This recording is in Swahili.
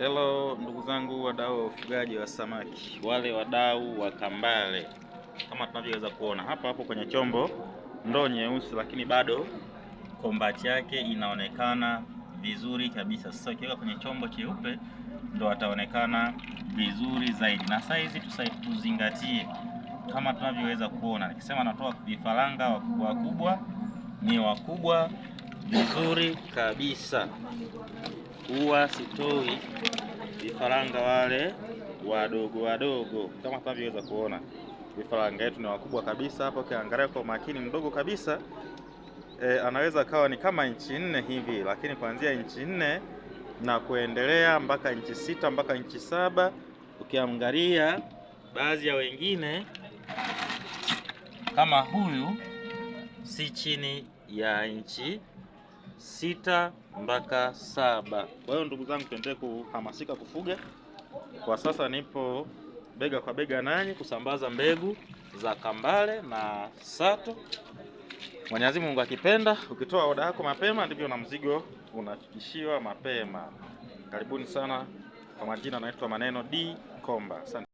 Hello ndugu zangu wadau wa ufugaji wa samaki, wale wadau wa kambale, kama tunavyoweza kuona hapa hapo kwenye chombo ndoo nyeusi, lakini bado kombati yake inaonekana vizuri kabisa. Sasa ukiweka kwenye chombo cheupe ndo ataonekana vizuri zaidi, na saizi tuzingatie kama tunavyoweza kuona. Nikisema natoa vifaranga wakubwa wakubwa, ni wakubwa vizuri kabisa huwa sitoi vifaranga wale wadogo wadogo, kama tunavyoweza kuona vifaranga yetu ni wakubwa kabisa. Hapo ukiangalia kwa makini mdogo kabisa e, anaweza kawa ni kama inchi nne hivi, lakini kuanzia inchi nne na kuendelea mpaka inchi sita mpaka inchi saba. Ukiangalia baadhi ya wengine kama huyu si chini ya inchi sita mpaka saba. Kwa hiyo ndugu zangu, tuendelee kuhamasika kufuga. Kwa sasa nipo bega kwa bega nanyi kusambaza mbegu za kambale na sato. Mwenyezi Mungu akipenda, ukitoa oda yako mapema ndivyo na mzigo unafikishiwa mapema. Karibuni sana. Kwa majina naitwa Maneno D Komba. Asante.